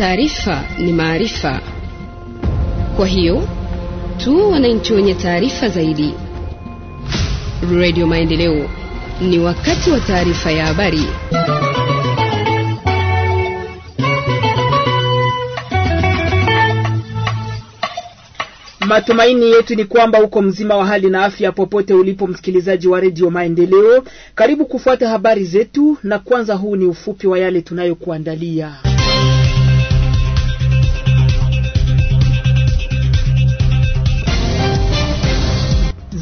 Taarifa ni maarifa, kwa hiyo tu wananchi wenye taarifa zaidi. Radio Maendeleo, ni wakati wa taarifa ya habari. Matumaini yetu ni kwamba uko mzima wa hali na afya popote ulipo, msikilizaji wa redio Maendeleo. Karibu kufuata habari zetu, na kwanza huu ni ufupi wa yale tunayokuandalia.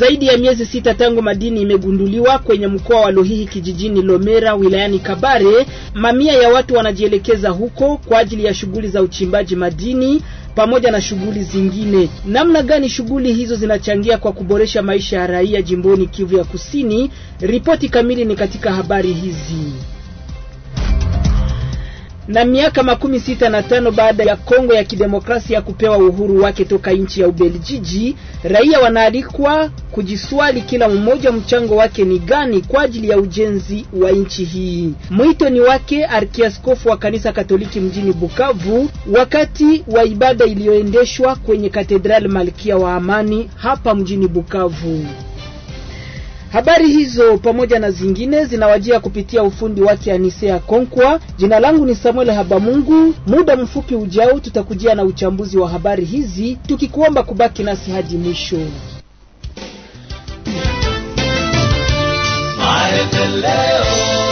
Zaidi ya miezi sita tangu madini imegunduliwa kwenye mkoa wa Lohihi kijijini Lomera wilayani Kabare, mamia ya watu wanajielekeza huko kwa ajili ya shughuli za uchimbaji madini pamoja na shughuli zingine. Namna gani shughuli hizo zinachangia kwa kuboresha maisha ya raia jimboni Kivu ya Kusini? Ripoti kamili ni katika habari hizi na miaka makumi sita na tano baada ya Kongo ya kidemokrasia kupewa uhuru wake toka nchi ya Ubeljiji, raia wanaalikwa kujiswali kila mmoja mchango wake ni gani kwa ajili ya ujenzi wa nchi hii. Mwito ni wake arkiaskofu wa kanisa Katoliki mjini Bukavu wakati wa ibada iliyoendeshwa kwenye katedrali Malkia wa Amani hapa mjini Bukavu. Habari hizo pamoja na zingine zinawajia kupitia ufundi wake Anisea Konkwa. Jina langu ni Samuel Habamungu. Muda mfupi ujao tutakujia na uchambuzi wa habari hizi, tukikuomba kubaki nasi hadi mwisho. Maendeleo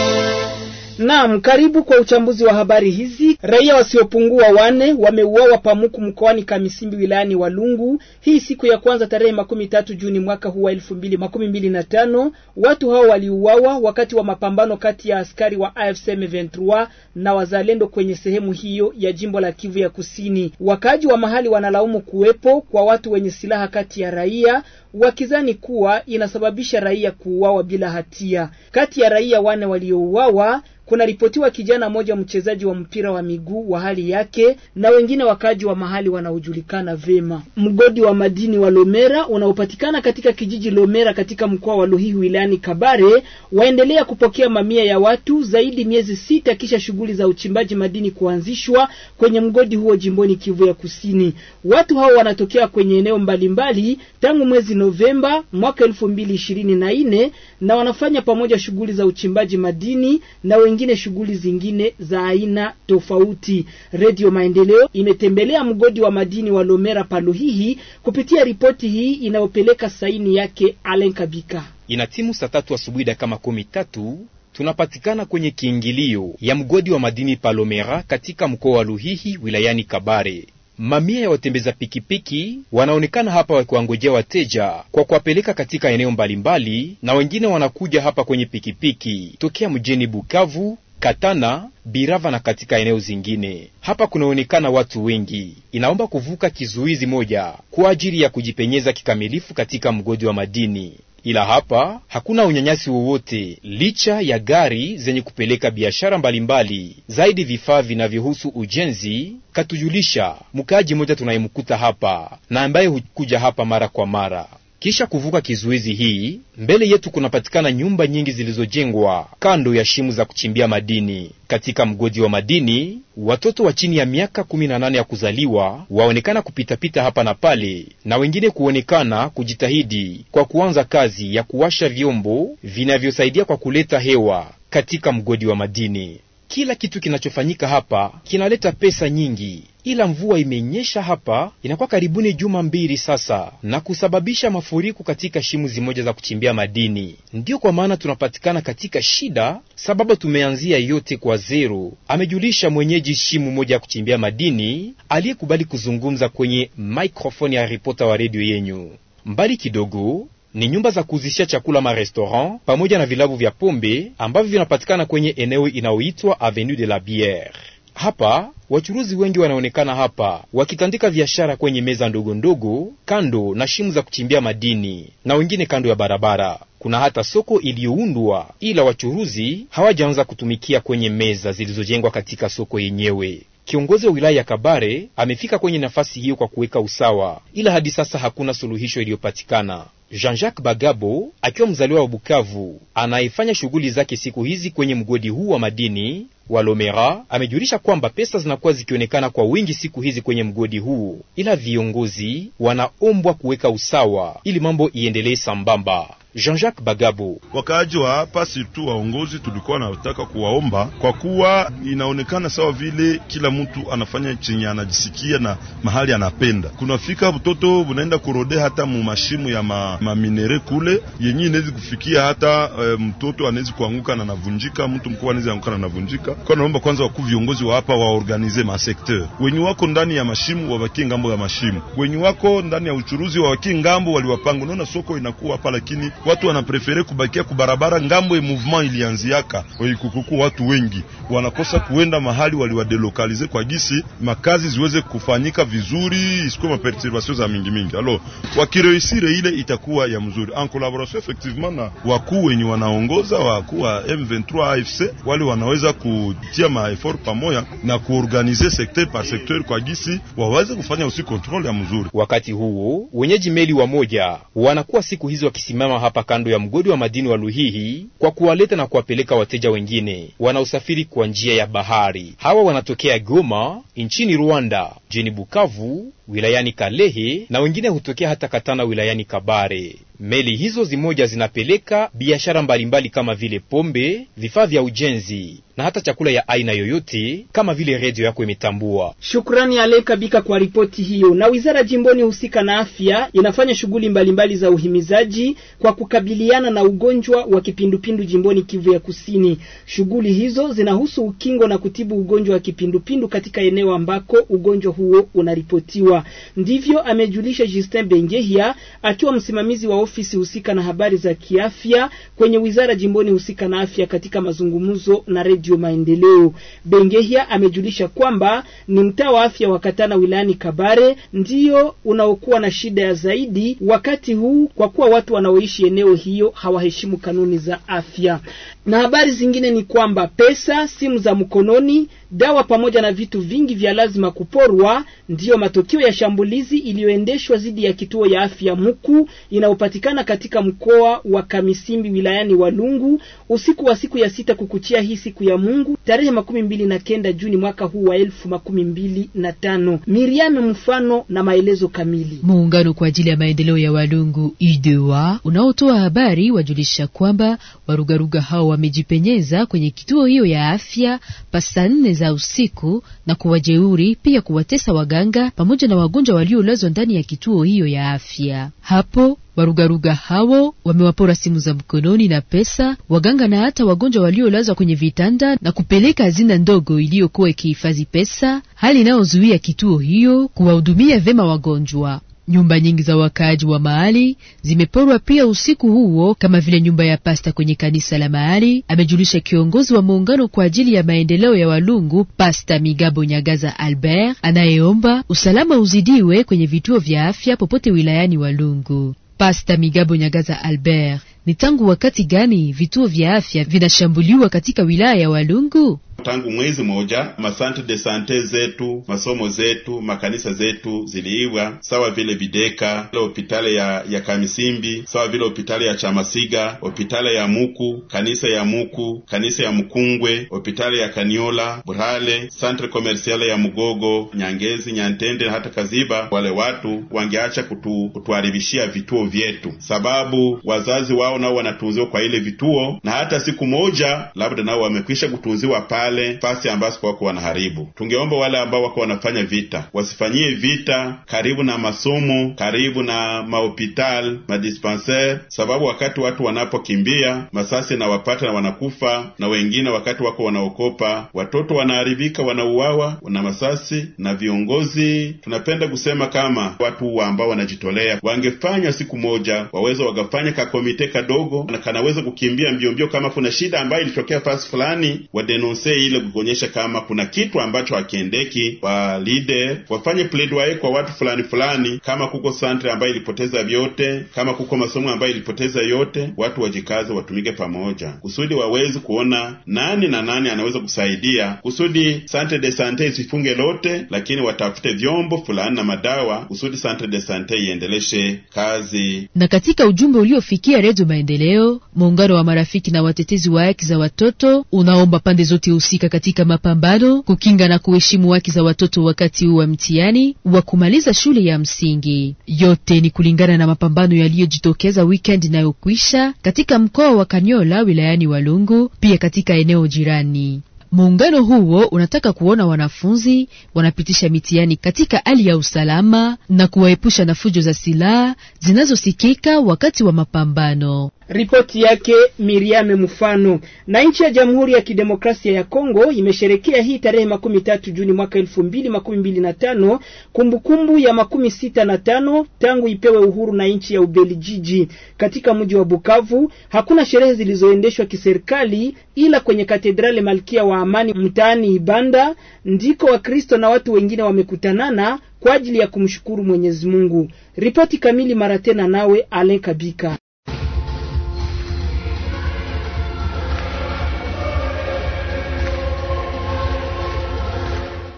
Naam, karibu kwa uchambuzi wa habari hizi. Raia wasiopungua wane wameuawa pamuku mkoani Kamisimbi wilayani Walungu hii siku ya kwanza tarehe makumi tatu Juni mwaka huu wa elfu mbili makumi mbili na tano. Watu hao waliuawa wakati wa mapambano kati ya askari wa AFC M23 na wazalendo kwenye sehemu hiyo ya jimbo la Kivu ya Kusini. Wakaaji wa mahali wanalaumu kuwepo kwa watu wenye silaha kati ya raia wakizani kuwa inasababisha raia kuuawa bila hatia. Kati ya raia wane waliouawa kunaripotiwa kijana mmoja mchezaji wa mpira wa miguu wa hali yake na wengine wakaji wa mahali wanaojulikana vema. Mgodi wa madini wa Lomera unaopatikana katika kijiji Lomera katika mkoa wa Luhihi wilayani Kabare waendelea kupokea mamia ya watu zaidi miezi sita kisha shughuli za uchimbaji madini kuanzishwa kwenye mgodi huo jimboni Kivu ya Kusini. Watu hao wanatokea kwenye eneo mbalimbali tangu mwezi Novemba mwaka elfu mbili ishirini na nne na wanafanya pamoja shughuli za uchimbaji madini na wengine shughuli zingine za aina tofauti. Redio Maendeleo imetembelea mgodi wa madini wa Lomera Paluhihi kupitia ripoti hii inayopeleka saini yake Alen Kabika. Ina timu saa tatu asubuhi dakika makumi tatu tunapatikana kwenye kiingilio ya mgodi wa madini Palomera katika mkoa wa Luhihi wilayani Kabare. Mamia ya watembeza pikipiki wanaonekana hapa wakiwangojea wateja kwa kuwapeleka katika eneo mbalimbali, na wengine wanakuja hapa kwenye pikipiki tokea mjini Bukavu, Katana, Birava na katika eneo zingine. Hapa kunaonekana watu wengi, inaomba kuvuka kizuizi moja kwa ajili ya kujipenyeza kikamilifu katika mgodi wa madini ila hapa hakuna unyanyasi wowote, licha ya gari zenye kupeleka biashara mbalimbali zaidi vifaa vinavyohusu ujenzi, katujulisha mkaaji mmoja tunayemkuta hapa na ambaye hukuja hapa mara kwa mara. Kisha kuvuka kizuizi hii, mbele yetu kunapatikana nyumba nyingi zilizojengwa kando ya shimu za kuchimbia madini. Katika mgodi wa madini, watoto wa chini ya miaka 18 ya kuzaliwa waonekana kupitapita hapa na pale, na wengine kuonekana kujitahidi kwa kuanza kazi ya kuwasha vyombo vinavyosaidia kwa kuleta hewa katika mgodi wa madini. Kila kitu kinachofanyika hapa kinaleta pesa nyingi, ila mvua imenyesha hapa inakuwa karibuni juma mbili sasa, na kusababisha mafuriko katika shimu zimoja za kuchimbia madini. Ndiyo kwa maana tunapatikana katika shida, sababu tumeanzia yote kwa zero, amejulisha mwenyeji shimu moja ya kuchimbia madini aliyekubali kuzungumza kwenye mikrofoni ya ripota wa redio yenyu. Mbali kidogo ni nyumba za kuuzishia chakula ma restaurant pamoja na vilabu vya pombe ambavyo vinapatikana kwenye eneo inayoitwa Avenue de la Biere. Hapa wachuruzi wengi wanaonekana hapa wakitandika biashara kwenye meza ndogo ndogo kando na shimu za kuchimbia madini na wengine kando ya barabara. Kuna hata soko iliyoundwa, ila wachuruzi hawajaanza kutumikia kwenye meza zilizojengwa katika soko yenyewe. Kiongozi wa wilaya ya Kabare amefika kwenye nafasi hiyo kwa kuweka usawa, ila hadi sasa hakuna suluhisho iliyopatikana. Jean-Jacques Bagabo akiwa mzaliwa wa Bukavu anayefanya shughuli zake siku hizi kwenye mgodi huu wa madini wa Lomera amejulisha kwamba pesa zinakuwa zikionekana kwa wingi siku hizi kwenye mgodi huu, ila viongozi wanaombwa kuweka usawa ili mambo iendelee sambamba. Jean-Jacques Bagabo. Wakaaji wa hapa situ waongozi, tulikuwa nataka kuwaomba kwa kuwa inaonekana sawa vile kila mtu anafanya chenye anajisikia na mahali anapenda. Kunafika mtoto unaenda kurode hata mumashimu ya ma, maminere kule yenye inawezi kufikia hata e, mtoto anawezi kuanguka na navunjika, mtu mkubwa anawezi anguka na navunjika. Kwa naomba kwanza wakuu viongozi wa hapa waorganize masekteur wenye wako ndani ya mashimu wabakie ngambo ya mashimu, wenye wako ndani ya uchuruzi wabakie ngambo waliwapanga. Unaona soko inakuwa hapa lakini watu wanaprefere kubakia kubarabara ngambo ya movement ilianziaka oikukuku. Watu wengi wanakosa kuenda mahali waliwadelokalize kwa gisi makazi ziweze kufanyika vizuri, isikuwe maperturbation za mingi mingi. Alo wakireusire ile itakuwa ya mzuri en collaboration effectivement na wakuu wenye wanaongoza wakuu wa M23 AFC, wale wanaweza kutia maefort pamoja na kuorganize secteur par secteur kwa gisi waweze kufanya usi control ya mzuri. Wakati huo wenyeji meli wamoja wanakuwa siku hizo wakisimama hapa kando ya mgodi wa madini wa Luhihi kwa kuwaleta na kuwapeleka wateja wengine wanaosafiri kwa njia ya bahari. Hawa wanatokea Goma nchini Rwanda, jini Bukavu wilayani Kalehe na wengine hutokea hata Katana wilayani Kabare. Meli hizo zimoja zinapeleka biashara mbalimbali kama vile pombe, vifaa vya ujenzi na hata chakula ya aina yoyote kama vile redio yako imetambua. Shukrani Alekabika kwa ripoti hiyo. Na wizara jimboni husika na afya inafanya shughuli mbalimbali za uhimizaji kwa kukabiliana na ugonjwa wa kipindupindu jimboni Kivu ya Kusini. Shughuli hizo zinahusu ukingo na kutibu ugonjwa wa kipindupindu katika eneo ambako ugonjwa huo unaripotiwa. Ndivyo amejulisha Justin Bengehia akiwa msimamizi wa ofisi husika na habari za kiafya kwenye wizara jimboni husika na afya katika mazungumzo na Redio Maendeleo. Bengehia amejulisha kwamba ni mtaa wa afya wa Katana wilayani Kabare ndio unaokuwa na shida ya zaidi wakati huu kwa kuwa watu wanaoishi eneo hiyo hawaheshimu kanuni za afya. Na habari zingine ni kwamba pesa, simu za mkononi, dawa pamoja na vitu vingi vya lazima kuporwa ndiyo matokeo ya shambulizi iliyoendeshwa dhidi ya kituo ya afya Muku inayopatikana katika mkoa wa Kamisimbi wilayani Walungu usiku wa siku ya sita kukuchia hii siku ya Mungu tarehe makumi mbili na kenda Juni mwaka huu wa elfu makumi mbili na tano. Miriam mfano na maelezo kamili. Muungano kwa ajili ya maendeleo ya Walungu IDEWA unaotoa habari wajulisha kwamba warugaruga hao wamejipenyeza kwenye kituo hiyo ya afya pasa nne za usiku na kuwajeuri pia kuwatesa waganga pamoja na wagonjwa waliolazwa ndani ya kituo hiyo ya afya. Hapo warugaruga hao wamewapora simu za mkononi na pesa, waganga na hata wagonjwa waliolazwa kwenye vitanda na kupeleka hazina ndogo iliyokuwa ikihifadhi pesa, hali inayozuia kituo hiyo kuwahudumia vema wagonjwa. Nyumba nyingi za wakaaji wa mahali zimeporwa pia usiku huo, kama vile nyumba ya pasta kwenye kanisa la mahali, amejulisha kiongozi wa muungano kwa ajili ya maendeleo ya Walungu, Pasta Migabo Nyagaza Albert, anayeomba usalama uzidiwe kwenye vituo vya afya popote wilayani Walungu. Pasta Migabo Nyagaza Albert, ni tangu wakati gani vituo vya afya vinashambuliwa katika wilaya ya Walungu? tangu mwezi moja masante de sante zetu, masomo zetu, makanisa zetu ziliiwa, sawa vile Bideka, hopitale ya, ya Kamisimbi, sawa vile hopitale ya Chamasiga, hopitale ya Muku, kanisa ya Muku, kanisa ya Mkungwe, hopitale ya Kaniola, burale centre komersiale ya Mugogo, Nyangezi, Nyantende na hata Kaziba. Wale watu wangeacha kutu, kutuharibishia vituo vyetu, sababu wazazi wao nao wanatunziwa kwa ile vituo, na hata siku moja labda nao wamekwisha kutunziwa pale pale fasi ambazo wako wanaharibu. Tungeomba wale ambao wako wanafanya vita wasifanyie vita karibu na masomo, karibu na mahopitali madispenser sababu wakati watu wanapokimbia masasi nawapata na wanakufa, na wengine wakati wako wanaokopa, watoto wanaharibika, wanauawa na masasi. Na viongozi tunapenda kusema kama watu ambao wanajitolea wangefanywa siku moja, waweza wakafanya kakomite kadogo na kanaweza kukimbia mbio mbio, kama kuna shida ambayo ilitokea fasi fulani wadenonse ile kukuonyesha kama kuna kitu ambacho hakiendeki, leader wafanye pledwaye kwa watu fulani fulani, kama kuko santre ambayo ilipoteza vyote, kama kuko masomo ambayo ilipoteza yote, watu wajikaze, watumike pamoja kusudi wawezi kuona nani na nani anaweza kusaidia kusudi sante de sante isifunge lote, lakini watafute vyombo fulani na madawa kusudi sante de sante iendeleshe kazi. Na katika ujumbe uliofikia Redio Maendeleo, muungano wa marafiki na watetezi wa haki za watoto unaomba pande zote kuhusika katika mapambano kukinga na kuheshimu haki za watoto wakati huu wa mtihani wa kumaliza shule ya msingi. Yote ni kulingana na mapambano yaliyojitokeza wikendi inayokwisha katika mkoa wa Kanyola wilayani Walungu, pia katika eneo jirani. Muungano huo unataka kuona wanafunzi wanapitisha mitihani katika hali ya usalama na kuwaepusha na fujo za silaha zinazosikika wakati wa mapambano. Ripoti yake Miriame Mfano. Na nchi ya Jamhuri ya Kidemokrasia ya Kongo imesherekea hii tarehe makumi tatu Juni mwaka elfu mbili makumi mbili na tano kumbukumbu ya makumi sita na tano tangu ipewe uhuru na nchi ya Ubelgiji. Katika mji wa Bukavu hakuna sherehe zilizoendeshwa kiserikali, ila kwenye katedrale Malkia wa Amani mtaani Ibanda ndiko Wakristo na watu wengine wamekutanana kwa ajili ya kumshukuru Mwenyezi Mungu. Ripoti kamili mara tena nawe Alen Kabika.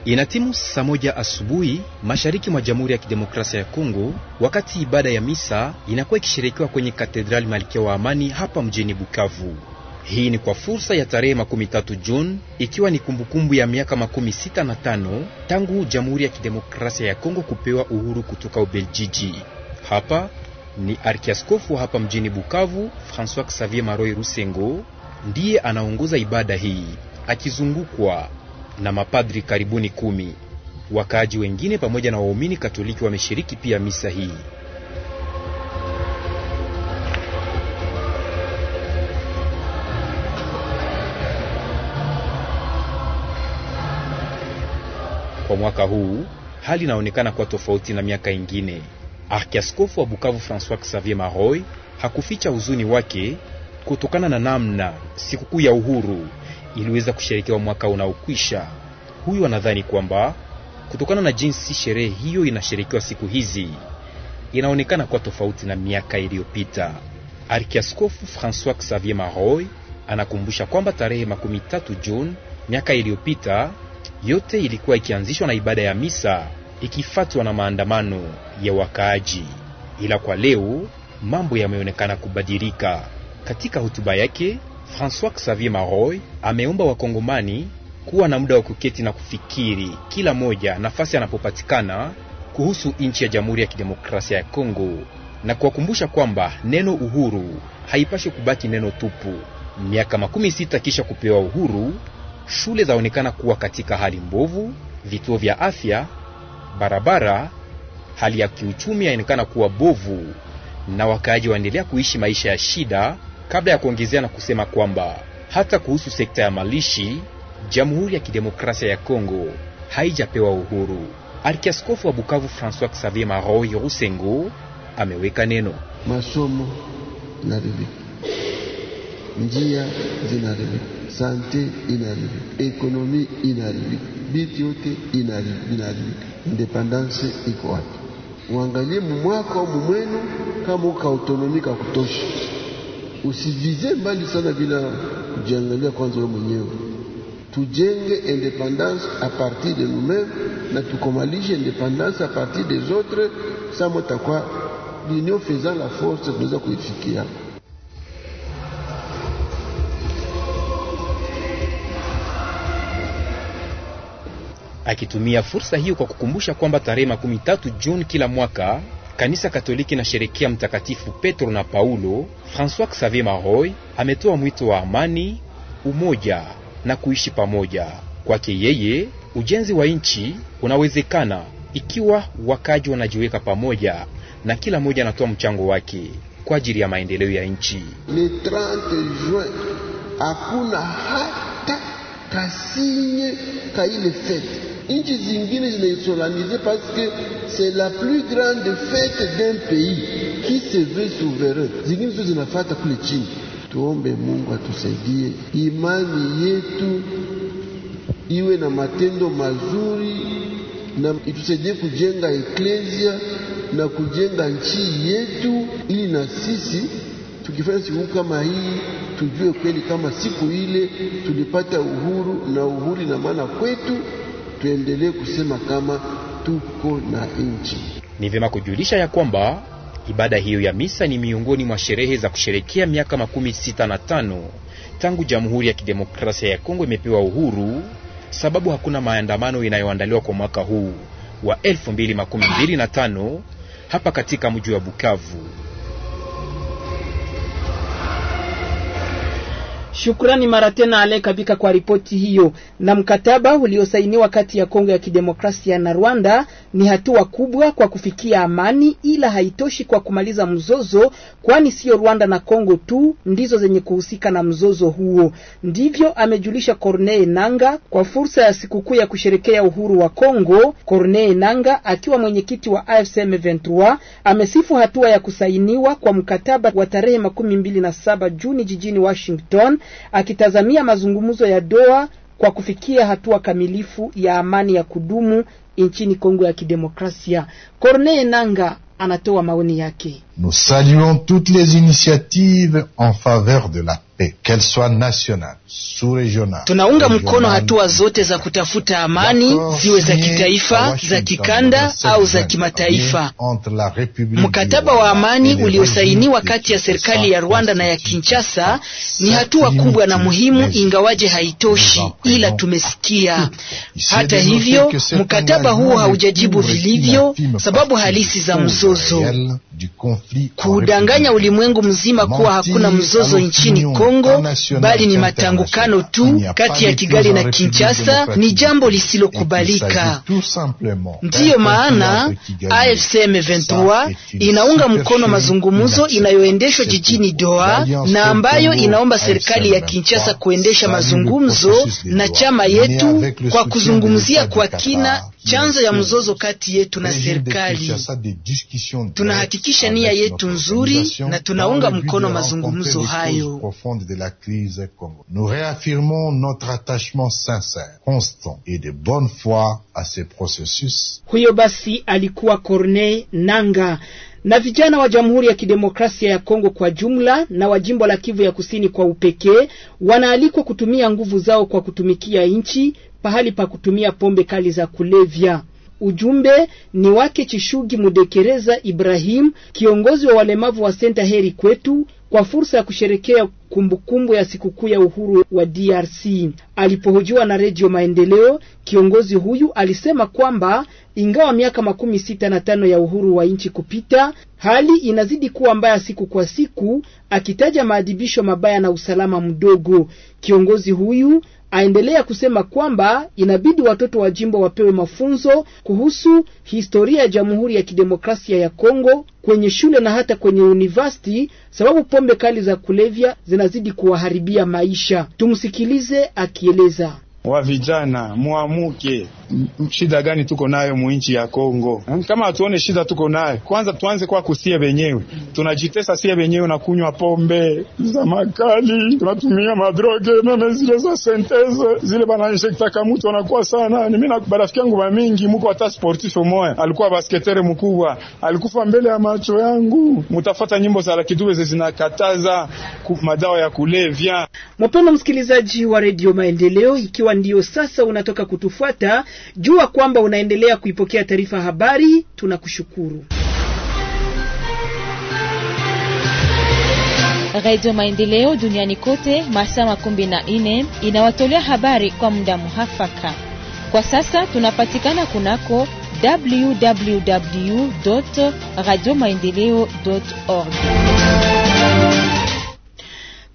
Inatimu saa moja asubuhi mashariki mwa Jamhuri ya Kidemokrasia ya Kongo, wakati ibada ya misa inakuwa ikisherekewa kwenye katedrali Malkia wa Amani hapa mjini Bukavu. Hii ni kwa fursa ya tarehe makumi tatu Juni, ikiwa ni kumbukumbu ya miaka makumi sita na tano tangu Jamhuri ya Kidemokrasia ya Kongo kupewa uhuru kutoka Ubeljiji. Hapa ni arkiaskofu hapa mjini Bukavu, Francois Xavier Maroi Rusengo ndiye anaongoza ibada hii akizungukwa na mapadri karibuni kumi. Wakaaji wengine pamoja na waumini Katoliki wameshiriki pia misa hii. Kwa mwaka huu hali inaonekana kuwa tofauti na miaka ingine. Arkiaskofu wa Bukavu Francois Xavier Maroy hakuficha huzuni wake kutokana na namna sikukuu ya uhuru iliweza kusherekewa mwaka unaokwisha. Huyu anadhani kwamba kutokana na jinsi sherehe hiyo inasherekewa siku hizi inaonekana kuwa tofauti na miaka iliyopita. Arkiaskofu Francois Xavier Maroy anakumbusha kwamba tarehe 13 Juni miaka iliyopita yote ilikuwa ikianzishwa na ibada ya misa ikifuatwa na maandamano ya wakaaji, ila kwa leo mambo yameonekana kubadilika. Katika hotuba yake Francois Xavier Maroy ameomba wakongomani kuwa na muda wa kuketi na kufikiri kila moja nafasi anapopatikana kuhusu nchi ya Jamhuri ya Kidemokrasia ya Kongo na kuwakumbusha kwamba neno uhuru haipashi kubaki neno tupu. Miaka makumi sita kisha kupewa uhuru, shule zaonekana kuwa katika hali mbovu, vituo vya afya, barabara, hali ya kiuchumi yaonekana kuwa bovu, na wakaaji waendelea kuishi maisha ya shida kabla ya kuongezea na kusema kwamba hata kuhusu sekta ya malishi Jamhuri ya Kidemokrasia ya Kongo haijapewa uhuru. Arkiaskofu wa Bukavu Francois Xavier Maroy Rusengo ameweka neno: masomo inaharibika, njia zinaharibika, sante inaharibika, ekonomi inaharibika, biti yote inaharibika, independanse iko wapi? uangalie mumwaka au mumwenu kama uka autonomika kutosha usivize mbali sana bila kujiangalia kwanza wewe mwenyewe. Tujenge independance a partir de nous-mêmes na tukomalishe independance a partir des autres. Sama takuwa l'union faisant la force, tunaweza kuifikia. Akitumia fursa hiyo kwa kukumbusha kwamba tarehe makumi tatu Juni kila mwaka Kanisa Katoliki inasherekea mtakatifu Petro na Paulo. François Xavier Maroy ametoa mwito wa amani, umoja na kuishi pamoja. Kwake yeye, ujenzi wa nchi unawezekana ikiwa wakaji wanajiweka pamoja na kila mmoja anatoa mchango wake kwa ajili ya maendeleo ya nchi. Ni 30 juin hakuna kasinye ka ile fete. Nchi zingine zinaisolanize parce que la plus grande fete d'un pays qui se veut souverain. Zingine zote zinafata kule chini. Tuombe Mungu atusaidie imani yetu iwe na matendo mazuri na itusaidie kujenga eklesia na kujenga nchi yetu, ili na sisi tukifanya siku kama hii tujue kweli kama siku ile tulipata uhuru na uhuru na maana kwetu, tuendelee kusema kama tuko na nchi. Ni vyema kujulisha ya kwamba ibada hiyo ya misa ni miongoni mwa sherehe za kusherekea miaka makumi sita na tano tangu Jamhuri ya Kidemokrasia ya Kongo imepewa uhuru, sababu hakuna maandamano inayoandaliwa kwa mwaka huu wa 2025 hapa katika mji wa Bukavu. Shukrani mara tena Ale Kabika kwa ripoti hiyo. Na mkataba uliosainiwa kati ya Kongo ya Kidemokrasia na Rwanda ni hatua kubwa kwa kufikia amani, ila haitoshi kwa kumaliza mzozo, kwani sio Rwanda na Kongo tu ndizo zenye kuhusika na mzozo huo. Ndivyo amejulisha Corneille Nanga kwa fursa ya sikukuu ya kusherekea uhuru wa Kongo. Corneille Nanga akiwa mwenyekiti wa AFC M23 amesifu hatua ya kusainiwa kwa mkataba wa tarehe makumi mbili na saba Juni jijini Washington akitazamia mazungumzo ya Doha kwa kufikia hatua kamilifu ya amani ya kudumu nchini Kongo ya Kidemokrasia. Corneille Nanga anatoa maoni yake. Nous saluons toutes les initiatives en faveur de la paix, qu'elles soient nationales, sous-régionales. Tunaunga mkono hatua zote za kutafuta amani, ziwe za kitaifa, za kikanda au za kimataifa. Mkataba wa amani uliosainiwa kati ya serikali ya Rwanda na ya Kinshasa ni hatua kubwa na muhimu, ingawaje haitoshi, ila tumesikia. Hata hivyo, mkataba huo haujajibu vilivyo sababu halisi za mzozo kuudanganya ulimwengu mzima kuwa hakuna mzozo nchini Kongo bali ni matangukano tu kati ya Kigali na Kinshasa ni jambo lisilokubalika. Ndiyo maana AFC M23 inaunga mkono mazungumzo inayoendeshwa jijini Doha na ambayo inaomba serikali ya Kinshasa kuendesha mazungumzo na chama yetu kwa kuzungumzia kwa kina chanzo ya mzozo kati yetu na serikali. Tunahakikisha nia yetu nzuri na tunaunga mkono mazungumzo hayo. Huyo basi alikuwa Corneille Nanga na vijana wa Jamhuri ya Kidemokrasia ya Kongo kwa jumla na wa jimbo la Kivu ya Kusini kwa upekee wanaalikwa kutumia nguvu zao kwa kutumikia nchi pahali pa kutumia pombe kali za kulevya. Ujumbe ni wake Chishugi Mudekereza Ibrahim, kiongozi wa walemavu wa Senta Heri Kwetu, kwa fursa ya kusherekea kumbukumbu ya sikukuu ya uhuru wa DRC. Alipohojiwa na Redio Maendeleo, kiongozi huyu alisema kwamba ingawa miaka makumi sita na tano ya uhuru wa nchi kupita, hali inazidi kuwa mbaya siku kwa siku, akitaja maadhibisho mabaya na usalama mdogo. Kiongozi huyu Aendelea kusema kwamba inabidi watoto wa jimbo wapewe mafunzo kuhusu historia ya Jamhuri ya Kidemokrasia ya Kongo kwenye shule na hata kwenye university, sababu pombe kali za kulevya zinazidi kuwaharibia maisha. Tumsikilize akieleza wa vijana muamuke, shida gani tuko nayo mwinchi ya Kongo? Yaani kama hatuone shida tuko nayo, kwanza tuanze kwa kusie wenyewe. Tunajitesa sie wenyewe na kunywa pombe za makali, tunatumia madroge meme zile za senteze zile, bana injecta kamutu anakuwa sana. Mimi na barafiki yangu mingi mko hata sportif moya alikuwa basketere mkubwa, alikufa mbele ya macho yangu. Mutafata nyimbo za lakidube zinakataza madawa ya kulevya. Mpendwa msikilizaji wa Radio Maendeleo, ikiwa ikiwa ndio sasa unatoka kutufuata, jua kwamba unaendelea kuipokea taarifa habari. Tunakushukuru. Radio Maendeleo duniani kote masaa makumi na nne inawatolea habari kwa muda muhafaka. Kwa sasa tunapatikana kunako www radio maendeleo org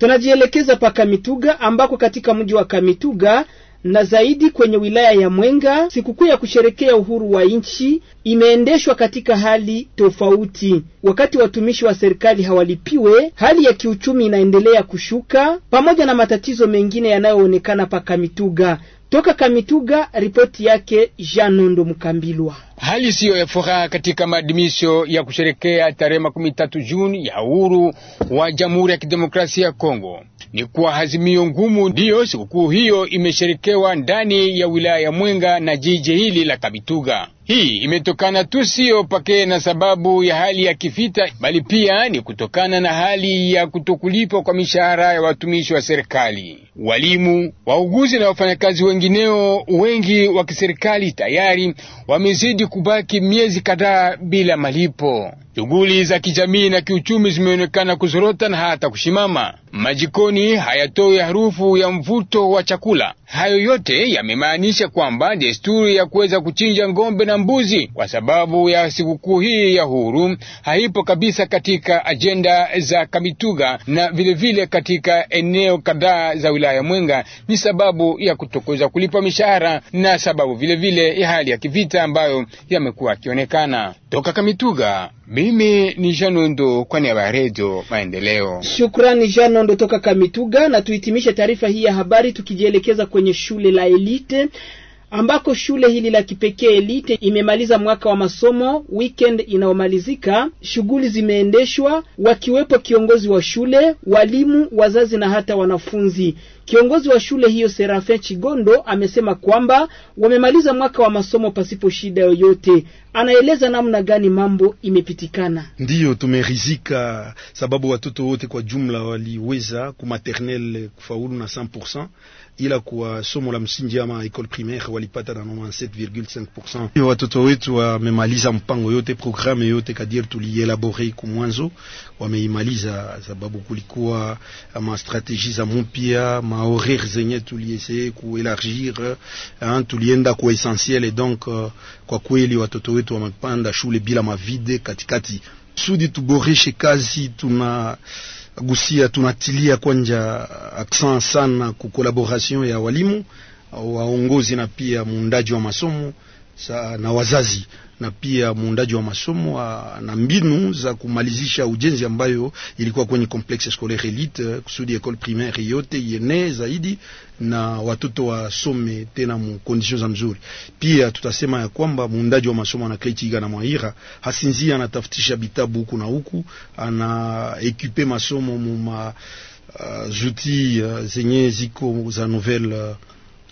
Tunajielekeza pa Kamituga ambako katika mji wa Kamituga na zaidi kwenye wilaya ya Mwenga, sikukuu ya kusherekea uhuru wa nchi imeendeshwa katika hali tofauti. Wakati watumishi wa serikali hawalipiwe, hali ya kiuchumi inaendelea kushuka pamoja na matatizo mengine yanayoonekana pa Kamituga. Toka Kamituga, ripoti yake Janondo Mukambilwa. Hali siyo ya furaha katika maadhimisho ya kusherekea tarehe makumi tatu Juni ya uhuru wa Jamhuri ya Kidemokrasia ya Kongo. Ni kwa hazimio ngumu ndiyo sikukuu hiyo imesherekewa ndani ya wilaya ya Mwenga na jiji hili la Kamituga. Hii imetokana tu siyo pekee na sababu ya hali ya kivita, bali pia ni kutokana na hali ya kutokulipwa kwa mishahara ya watumishi wa serikali. Walimu, wauguzi na wafanyakazi wengineo wengi wa kiserikali tayari wamezidi kubaki miezi kadhaa bila malipo. Shughuli za kijamii na kiuchumi zimeonekana kuzorota na hata kushimama. Majikoni hayatoi harufu ya mvuto wa chakula. Hayo yote yamemaanisha kwamba desturi ya kuweza kuchinja ng'ombe na mbuzi kwa sababu ya sikukuu hii ya huru haipo kabisa katika ajenda za Kamituga na vilevile vile katika eneo kadhaa za wilaya wilaya Mwenga ni sababu ya kutokweza kulipa mishahara na sababu vilevile vile ya hali ya kivita ambayo yamekuwa yakionekana toka Kamituga. Mimi ni Janondo kwa niaba ya Redio Maendeleo. Shukrani Janondo toka Kamituga, na tuhitimishe taarifa hii ya habari tukijielekeza kwenye shule la Elite ambako shule hili la kipekee Elite imemaliza mwaka wa masomo. Weekend inayomalizika shughuli zimeendeshwa, wakiwepo kiongozi wa shule, walimu, wazazi na hata wanafunzi. Kiongozi wa shule hiyo Serafin Chigondo amesema kwamba wamemaliza mwaka wa masomo pasipo shida yoyote. Anaeleza namna gani mambo imepitikana. Ndiyo, tumerizika sababu watoto wote kwa jumla waliweza kumaternel kufaulu na 100%. Il a quoi Si la msingi ama primaire walipata na 97,5%. Watoto wetu wamemaliza mpango yote programme yote kadir tulielabore mwanzo wameimaliza sababu kulikuwa ma stratégie za a ma horaire zenye élargir kuelargir, hein, tulienda kwa essentiel. Donc euh, kwa kweli watoto wetu wamepanda shule bila mavide katikati, sudi tuboreshe kazi tuna gusia, tunatilia kwanja aksan sana ku kolaboration ya walimu waongozi na pia muundaji wa masomo sa, na wazazi na pia muundaji wa masomo ah, na mbinu za kumalizisha ujenzi ambayo ilikuwa kwenye complexe scolaire elite eh, kusudi ecole primaire yote yene zaidi na watoto wasome tena mu conditions za mzuri. Pia tutasema ya kwamba muundaji wa masomo na Kretiga na Mwaira hasinzia, anatafutisha bitabu huku na huku, ana ekipe masomo mu ma uh, ah, zuti uh, ah, zenye ziko za nouvelle uh,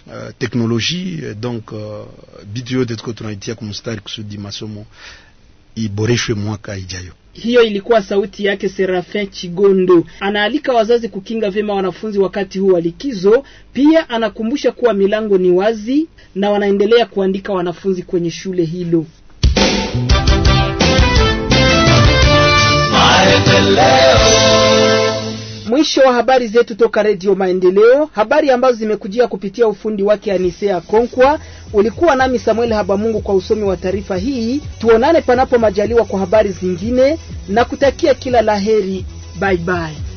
Uh, teknoloji euh, donc uh, yote tuko tunaitia kumstari kusudi masomo iboreshwe mwaka ijayo. Hiyo ilikuwa sauti yake Serafin Chigondo. Anaalika wazazi kukinga vyema wanafunzi wakati huu wa likizo. Pia anakumbusha kuwa milango ni wazi na wanaendelea kuandika wanafunzi kwenye shule hilo. Maendeleo Mwisho wa habari zetu toka Redio Maendeleo, habari ambazo zimekujia kupitia ufundi wake Anisea Konkwa. Ulikuwa nami Samuel Habamungu kwa usomi wa taarifa hii. Tuonane panapo majaliwa kwa habari zingine, na kutakia kila laheri. Baibai.